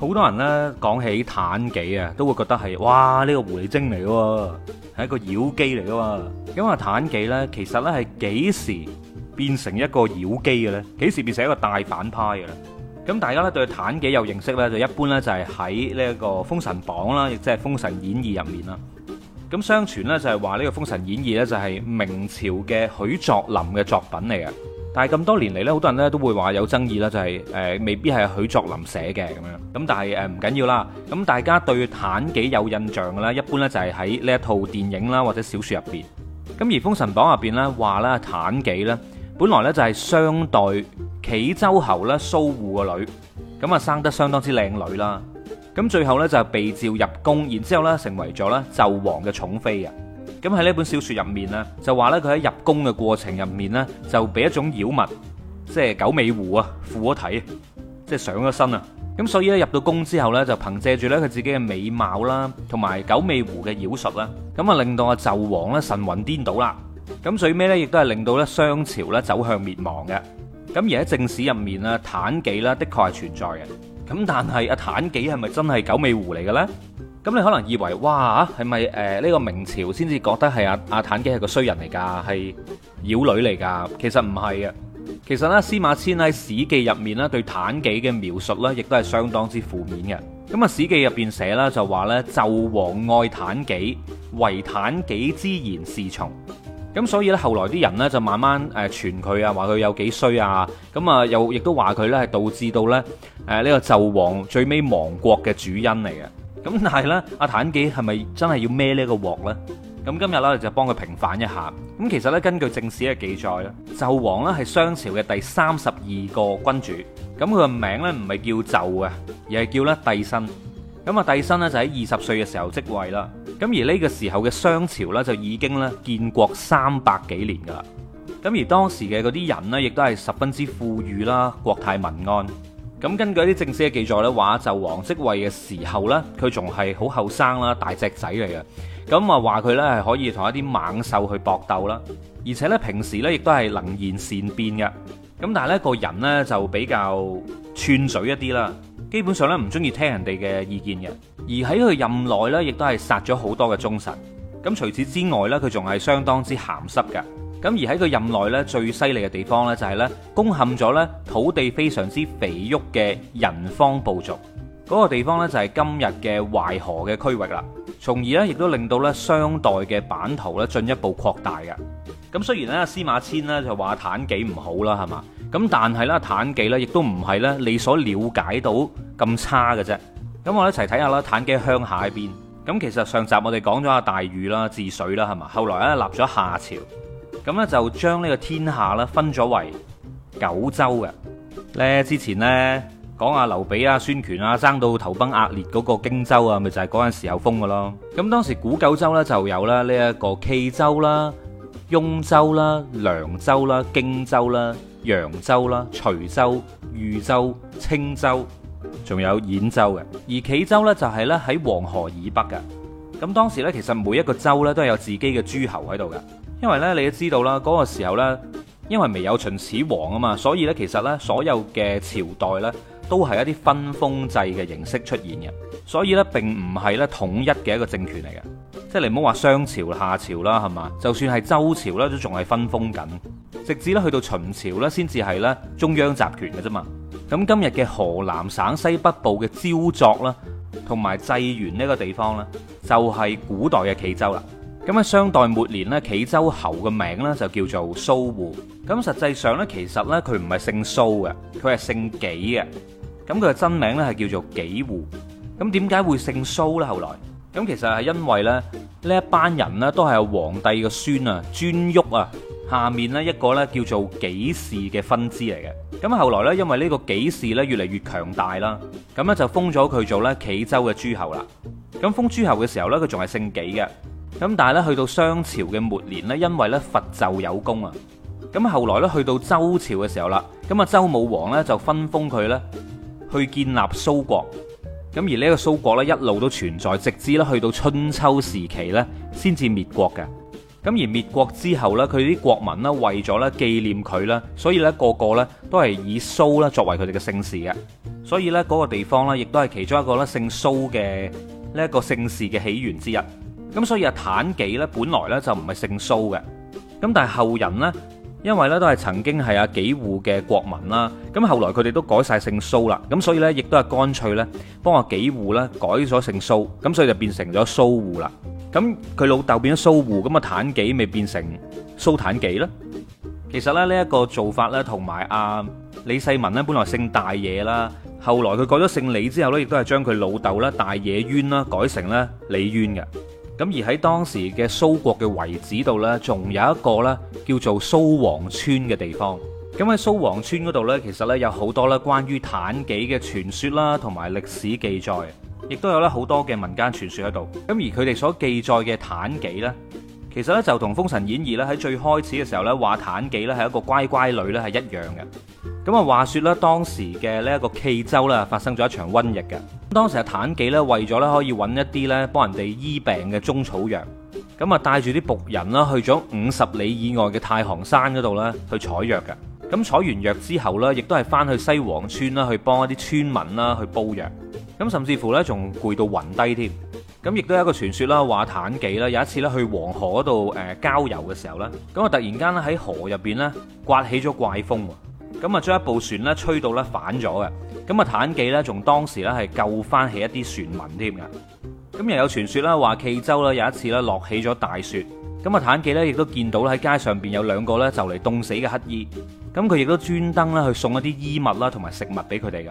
好多人咧講起妲己啊，都會覺得係哇呢、呢個狐狸精嚟嘅喎，係一個妖姬嚟嘅嘛。咁、嗯、啊，妲己咧其實咧係幾時變成一個妖姬嘅咧？幾時變成一個大反派嘅咧？咁、嗯、大家咧對妲己有認識咧，就一般咧就係喺呢一個《封神榜》啦，亦即係《封神演義》入面啦。咁相傳咧就係話呢個《封神演義呢》咧就係、是、明朝嘅許作霖嘅作品嚟嘅。但係咁多年嚟咧，好多人咧都會話有爭議，就是呃呃、啦，就係誒未必係許作霖寫嘅咁樣。咁但係誒唔緊要啦。咁大家對妲己有印象嘅咧，一般咧就係喺呢一套電影啦或者小説入邊。咁而《封神榜》入邊咧話咧，妲己咧，本來咧就係商代杞州侯咧蘇護個女，咁啊生得相當之靚女啦。咁最後咧就係被召入宮，然之後咧成為咗咧紂王嘅寵妃啊。咁喺呢本小説入面咧，就話咧佢喺入宮嘅過程入面咧，就俾一種妖物，即係九尾狐啊附咗體，即係上咗身啊！咁所以咧入到宮之後咧，就憑借住咧佢自己嘅美貌啦，同埋九尾狐嘅妖術啦，咁啊令到阿紂王咧神魂顛倒啦！咁最尾咧，亦都係令到咧商朝咧走向滅亡嘅。咁而喺正史入面啊，妲己咧，的確係存在嘅。咁但係阿妲己係咪真係九尾狐嚟嘅咧？咁你可能以為哇嚇係咪誒呢個明朝先至覺得係阿阿妲己係個衰人嚟㗎係妖女嚟㗎？其實唔係啊！其實呢，司馬遷喺《史記》入面咧對妲己嘅描述呢，亦都係相當之負面嘅。咁啊，《史記》入邊寫啦，就話呢，紂王愛妲己，唯妲己之言是從。咁、嗯、所以呢，後來啲人呢，就慢慢誒傳佢啊，話佢有幾衰啊。咁啊，又亦都話佢呢，係導致到呢，誒、呃、呢、這個紂王最尾亡國嘅主因嚟嘅。咁但係咧，阿妲己係咪真係要孭呢一個鑊咧？咁今日咧就幫佢平反一下。咁其實咧，根據正史嘅記載咧，紂王咧係商朝嘅第三十二個君主。咁佢個名咧唔係叫紂啊，而係叫咧帝辛。咁啊帝辛呢，就喺二十歲嘅時候即位啦。咁而呢個時候嘅商朝咧就已經咧建國三百幾年噶啦。咁而當時嘅嗰啲人呢，亦都係十分之富裕啦，國泰民安。咁根據啲正史嘅記載咧，話紂王即位嘅時候咧，佢仲係好後生啦，大隻仔嚟嘅。咁啊話佢咧係可以同一啲猛獸去搏鬥啦，而且咧平時咧亦都係能言善辯嘅。咁但係咧個人呢，就比較串嘴一啲啦，基本上咧唔中意聽人哋嘅意見嘅。而喺佢任內咧，亦都係殺咗好多嘅忠臣。咁除此之外咧，佢仲係相當之鹹濕嘅。咁而喺佢任內咧，最犀利嘅地方咧就係咧攻陷咗咧土地非常之肥沃嘅人方部族嗰個地方咧就係今日嘅淮河嘅區域啦，從而咧亦都令到咧商代嘅版圖咧進一步擴大嘅。咁雖然呢，司馬遷咧就話妲己唔好啦，係嘛？咁但係呢，妲己呢亦都唔係咧你所了解到咁差嘅啫。咁我一齊睇下啦，妲己鄉下喺邊？咁其實上集我哋講咗阿大禹啦治水啦係嘛，後來咧立咗夏朝。咁咧就將呢個天下咧分咗為九州嘅。咧之前咧講阿劉備啊、孫權啊爭到頭崩額裂嗰個荊州啊，咪就係嗰陣時候封嘅咯。咁當時古九州咧就有啦呢一個冀州啦、雍州啦、梁州啦、荊州啦、揚州啦、徐州、豫州、青州，仲有兗州嘅。而冀州咧就係咧喺黃河以北嘅。咁當時咧其實每一個州咧都係有自己嘅諸侯喺度嘅。因為呢，你都知道啦，嗰、那個時候呢，因為未有秦始皇啊嘛，所以呢，其實呢，所有嘅朝代呢，都係一啲分封制嘅形式出現嘅，所以呢，並唔係呢統一嘅一個政權嚟嘅，即係你唔好話商朝、夏朝啦，係嘛，就算係周朝呢，都仲係分封緊，直至呢去到秦朝呢，先至係呢中央集權嘅啫嘛。咁今日嘅河南省西北部嘅焦作啦，同埋濟源呢個地方呢，就係、是、古代嘅冀州啦。咁啊，商代末年咧，冀州侯嘅名咧就叫做蘇護。咁實際上咧，其實咧佢唔係姓蘇嘅，佢係姓紀嘅。咁佢嘅真名咧係叫做紀護。咁點解會姓蘇咧？後來咁其實係因為咧呢一班人咧都係黃帝嘅孫啊，顓頊啊，下面咧一個咧叫做紀氏嘅分支嚟嘅。咁後來咧，因為呢個紀氏咧越嚟越強大啦，咁咧就封咗佢做咧冀州嘅諸侯啦。咁封諸侯嘅時候咧，佢仲係姓紀嘅。咁但係咧，去到商朝嘅末年呢，因為咧伐紂有功啊，咁後來咧去到周朝嘅時候啦，咁啊周武王咧就分封佢咧，去建立蘇國。咁而呢個蘇國咧一路都存在，直至咧去到春秋時期咧，先至滅國嘅。咁而滅國之後咧，佢啲國民呢，為咗咧紀念佢啦，所以咧個個咧都係以蘇啦作為佢哋嘅姓氏嘅。所以咧嗰個地方咧，亦都係其中一個咧姓蘇嘅呢一個姓氏嘅起源之一。咁所以阿妲己咧，本來咧就唔係姓蘇嘅，咁但係後人咧，因為咧都係曾經係阿幾戶嘅國民啦，咁後來佢哋都改曬姓蘇啦，咁所以咧亦都係乾脆咧幫阿幾戶咧改咗姓蘇，咁所以就變成咗蘇戶啦。咁佢老豆變咗蘇戶，咁啊妲己咪變成蘇妲己咧。其實咧呢一個做法咧，同埋阿李世民咧，本來姓大野啦，後來佢改咗姓李之後咧，亦都係將佢老豆咧大野淵啦改成咧李淵嘅。咁而喺當時嘅蘇國嘅遺址度呢，仲有一個咧叫做蘇王村嘅地方。咁喺蘇王村嗰度呢，其實呢有好多咧關於妲己嘅傳說啦，同埋歷史記載，亦都有咧好多嘅民間傳說喺度。咁而佢哋所記載嘅妲己呢。其實咧就同《封神演義》咧喺最開始嘅時候咧，話妲己咧係一個乖乖女咧係一樣嘅。咁啊，話說咧當時嘅呢一個冀州咧，發生咗一場瘟疫嘅。當時啊，妲己咧為咗咧可以揾一啲咧幫人哋醫病嘅中草藥，咁啊帶住啲僕人啦去咗五十里以外嘅太行山嗰度咧去採藥嘅。咁採完藥之後咧，亦都係翻去西黃村啦，去幫一啲村民啦去煲藥。咁甚至乎咧仲攰到暈低添。咁亦都有一個傳說啦，話坦記啦，有一次咧去黃河嗰度誒郊遊嘅時候咧，咁啊突然間咧喺河入邊咧刮起咗怪風，咁啊將一部船咧吹到咧反咗嘅，咁啊坦記咧仲當時咧係救翻起一啲船民添嘅，咁又有傳說啦話冀州啦，有一次咧落起咗大雪，咁啊坦記咧亦都見到喺街上邊有兩個咧就嚟凍死嘅乞衣，咁佢亦都專登咧去送一啲衣物啦同埋食物俾佢哋嘅。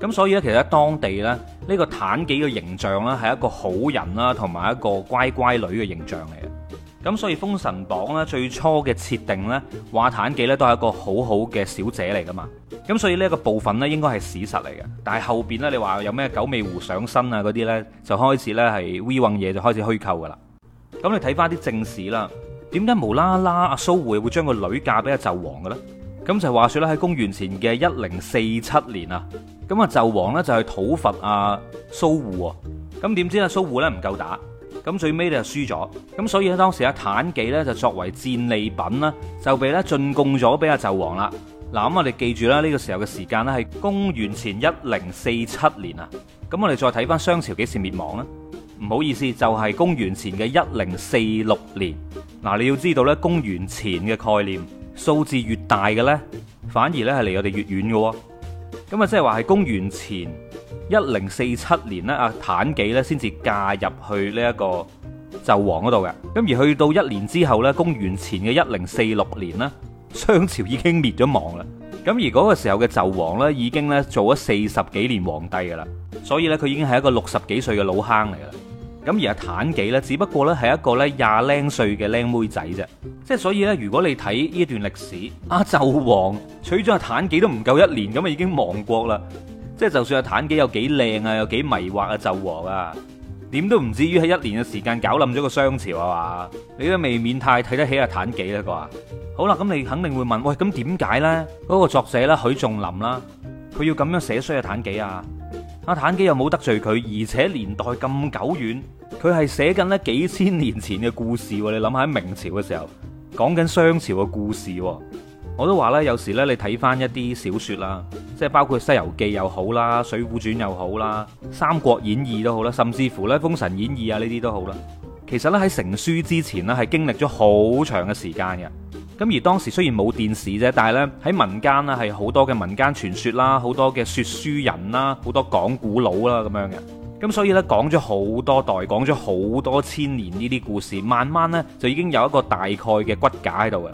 咁所以咧，其實喺當地咧，呢、這個妲己嘅形象咧係一個好人啦，同埋一個乖乖女嘅形象嚟嘅。咁所,所以《封神榜》咧最初嘅設定咧，話妲己咧都係一個好好嘅小姐嚟噶嘛。咁所以呢一個部分咧應該係史實嚟嘅。但係後邊咧，你話有咩九尾狐上身啊嗰啲咧，就開始咧係 we 嘢，就開始虛構噶啦。咁你睇翻啲正史啦，點解無啦啦阿蘇會會將個女嫁俾阿紂王嘅咧？咁就係話説咧，喺公元前嘅一零四七年啊。咁啊，紂王呢，就去討伐阿蘇護啊，咁點知阿蘇護呢？唔夠打，咁最尾咧就輸咗，咁所以呢，當時阿妲己呢，就作為戰利品啦，就被咧進貢咗俾阿紂王啦。嗱，咁我哋記住啦，呢、這個時候嘅時間呢，係公元前一零四七年啊，咁我哋再睇翻商朝幾時滅亡咧？唔好意思，就係、是、公元前嘅一零四六年。嗱，你要知道呢，公元前嘅概念，數字越大嘅呢，反而呢，係離我哋越遠嘅。咁啊，即係話係公元前一零四七年咧，阿妲己咧先至嫁入去呢一個紂王嗰度嘅。咁而去到一年之後咧，公元前嘅一零四六年啦，商朝已經滅咗亡啦。咁而嗰個時候嘅紂王咧，已經咧做咗四十幾年皇帝噶啦，所以咧佢已經係一個六十幾歲嘅老坑嚟啦。咁而阿妲己咧，只不過咧係一個咧廿零歲嘅靚妹仔啫。即係所以咧，如果你睇呢一段歷史，阿紂王娶咗阿妲己都唔夠一年，咁啊已經亡國啦。即係就算阿妲己有幾靚啊，有幾迷惑啊，紂王啊，點都唔至於喺一年嘅時間搞冧咗個商朝啊嘛。你都未免太睇得起阿妲己啦啩？好啦，咁你肯定會問：喂，咁點解咧？嗰個作者啦，許仲林啦，佢要咁樣寫衰阿妲己啊？阿妲己又冇得罪佢，而且年代咁久遠。佢係寫緊咧幾千年前嘅故事，你諗下喺明朝嘅時候講緊商朝嘅故事，我都話咧有時咧你睇翻一啲小說啦，即係包括《西遊記》又好啦，《水滸傳》又好啦，《三國演義》都好啦，甚至乎咧《封神演義》啊呢啲都好啦。其實咧喺成書之前咧係經歷咗好長嘅時間嘅。咁而當時雖然冇電視啫，但係咧喺民間啦係好多嘅民間傳說啦，好多嘅說書人啦，好多講古佬啦咁樣嘅。咁所以呢，講咗好多代，講咗好多千年呢啲故事，慢慢呢，就已經有一個大概嘅骨架喺度嘅，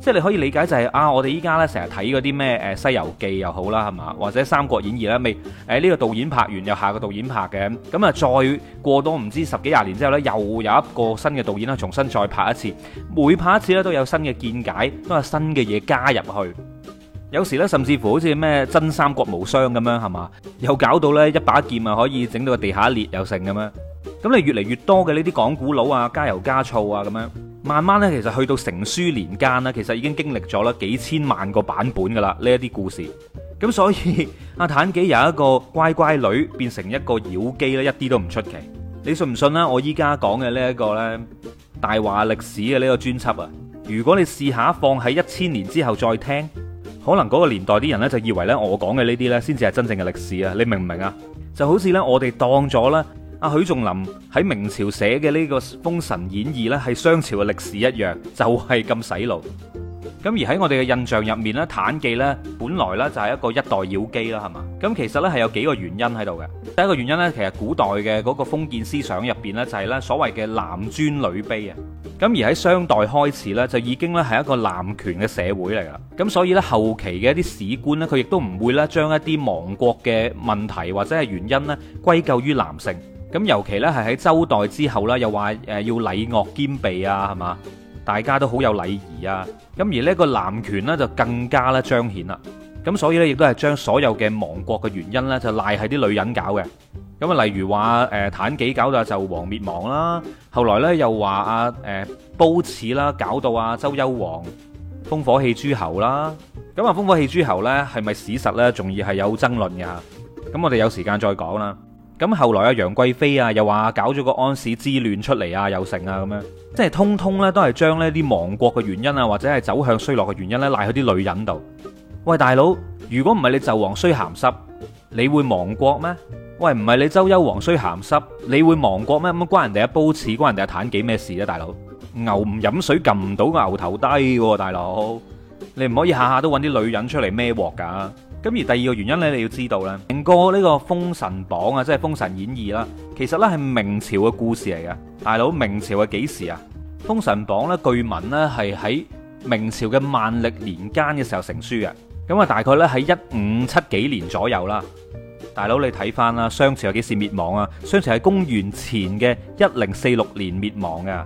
即係你可以理解就係、是、啊，我哋依家呢，成日睇嗰啲咩誒《西遊記》又好啦，係嘛，或者《三國演義》啦、啊，未誒呢個導演拍完又下個導演拍嘅，咁、嗯、啊再過多唔知十幾廿年之後呢，又有一個新嘅導演啦，重新再拍一次，每拍一次呢，都有新嘅見解，都有新嘅嘢加入去。有時咧，甚至乎好似咩真三國無雙咁樣，係嘛？又搞到呢一把劍啊，可以整到個地下裂又成咁樣。咁你越嚟越多嘅呢啲講古佬啊，加油加醋啊咁樣，慢慢呢其實去到成書年間呢，其實已經經歷咗啦幾千萬個版本噶啦呢一啲故事。咁所以阿、啊、妲己由一個乖乖女變成一個妖姬呢，一啲都唔出奇。你信唔信呢？我依家講嘅呢一個呢，大話歷史嘅呢個專輯啊，如果你試下放喺一千年之後再聽。可能嗰個年代啲人呢，就以為呢我講嘅呢啲呢，先至係真正嘅歷史啊！你明唔明啊？就好似呢我哋當咗呢阿許仲林喺明朝寫嘅呢個《封神演義》呢，係商朝嘅歷史一樣，就係咁洗腦。咁而喺我哋嘅印象入面咧，妲己咧，本來咧就係一個一代妖姬啦，係嘛？咁其實咧係有幾個原因喺度嘅。第一個原因咧，其實古代嘅嗰個封建思想入邊咧，就係咧所謂嘅男尊女卑啊。咁而喺商代開始咧，就已經咧係一個男權嘅社會嚟㗎啦。咁所以咧，後期嘅一啲史官咧，佢亦都唔會咧將一啲亡國嘅問題或者係原因咧歸咎於男性。咁尤其咧係喺周代之後咧，又話誒要禮樂兼備啊，係嘛？大家都好有禮儀啊，咁而呢個男權呢，就更加咧彰顯啦，咁所以呢，亦都係將所有嘅亡國嘅原因呢，就賴喺啲女人搞嘅，咁啊例如話誒妲己搞到阿紂王滅亡啦，後來呢又話阿誒褒姒啦搞到阿周幽王烽火戲諸侯啦，咁啊烽火戲諸侯呢，係咪事實呢？仲要係有爭論㗎，咁我哋有時間再講啦。咁後來啊，楊貴妃啊，又話搞咗個安史之亂出嚟啊，又成啊咁樣，即係通通咧都係將呢啲亡國嘅原因啊，或者係走向衰落嘅原因呢賴去啲女人度。喂，大佬，如果唔係你紂王衰鹹濕，你會亡國咩？喂，唔係你周幽王衰鹹濕，你會亡國咩？咁、嗯、關人哋褒姒關人哋妲己咩事咧、啊？大佬，牛唔飲水撳唔到個牛頭低喎、啊，大佬，你唔可以下下都揾啲女人出嚟孭鑊㗎、啊。咁而第二個原因呢，你要知道咧，成個呢個《封神榜》啊，即係《封神演義》啦，其實呢係明朝嘅故事嚟嘅。大佬，明朝係幾時啊？《封神榜》呢據聞呢係喺明朝嘅萬曆年間嘅時候成書嘅。咁啊，大概呢喺一五七幾年左右啦。大佬，你睇翻啦，商朝係幾時滅亡啊？商朝係公元前嘅一零四六年滅亡嘅。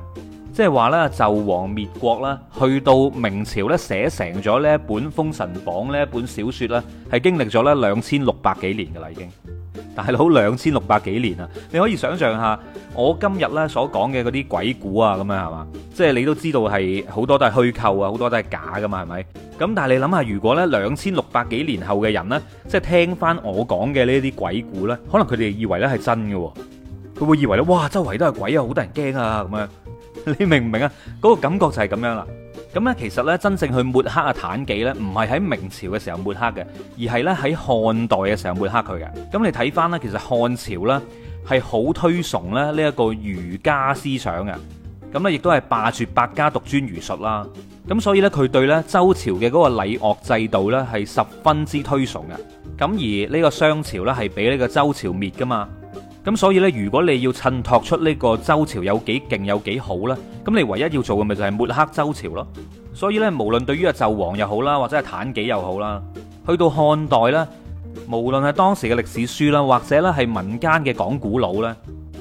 即係話咧，紂王滅國啦，去到明朝咧，寫成咗呢一本《封神榜》呢一本小説啦，係經，經歷咗咧兩千六百幾年噶啦已經。大佬兩千六百幾年啊！你可以想象下，我今日咧所講嘅嗰啲鬼故啊，咁樣係嘛？即係你都知道係好多都係虛構啊，好多都係假噶嘛，係咪？咁但係你諗下，如果咧兩千六百幾年後嘅人咧，即係聽翻我講嘅呢啲鬼故咧，可能佢哋以為咧係真嘅喎，佢會以為咧哇，周圍都係鬼啊，好得人驚啊咁樣。你明唔明啊？嗰個感覺就係咁樣啦。咁呢，其實呢，真正去抹黑阿妲己呢，唔係喺明朝嘅時候抹黑嘅，而係呢，喺漢代嘅時候抹黑佢嘅。咁你睇翻呢，其實漢朝呢，係好推崇咧呢一個儒家思想嘅。咁呢，亦都係罷黜百家，獨尊儒術啦。咁所以呢，佢對呢，周朝嘅嗰個禮樂制度呢，係十分之推崇嘅。咁而呢個商朝呢，係俾呢個周朝滅噶嘛。咁所以咧，如果你要襯托出呢個周朝有幾勁，有幾好咧，咁你唯一要做嘅咪就係抹黑周朝咯。所以咧，無論對於阿紂王又好啦，或者係妲己又好啦，去到漢代咧，無論係當時嘅歷史書啦，或者咧係民間嘅講古佬咧，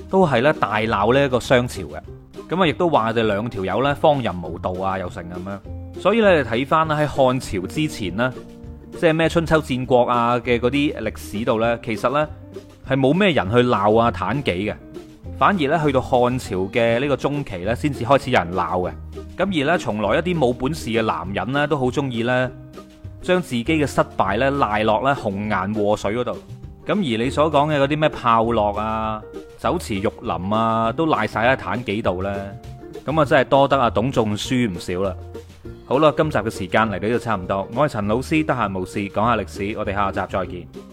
都係咧大鬧呢一個商朝嘅。咁啊，亦都話我哋兩條友咧荒淫無道啊，又成咁樣。所以咧，睇翻咧喺漢朝之前咧，即係咩春秋戰國啊嘅嗰啲歷史度咧，其實咧，係冇咩人去鬧啊妲己嘅，反而呢，去到漢朝嘅呢個中期呢，先至開始有人鬧嘅。咁而呢，從來一啲冇本事嘅男人呢，都好中意呢，將自己嘅失敗呢，賴落呢紅顏禍水嗰度。咁而你所講嘅嗰啲咩炮烙啊、酒池肉林啊，都賴晒喺妲己度呢。咁啊，真係多得啊董仲舒唔少啦。好啦，今集嘅時間嚟到呢度差唔多，我係陳老師，得閒無事講下歷史，我哋下集再見。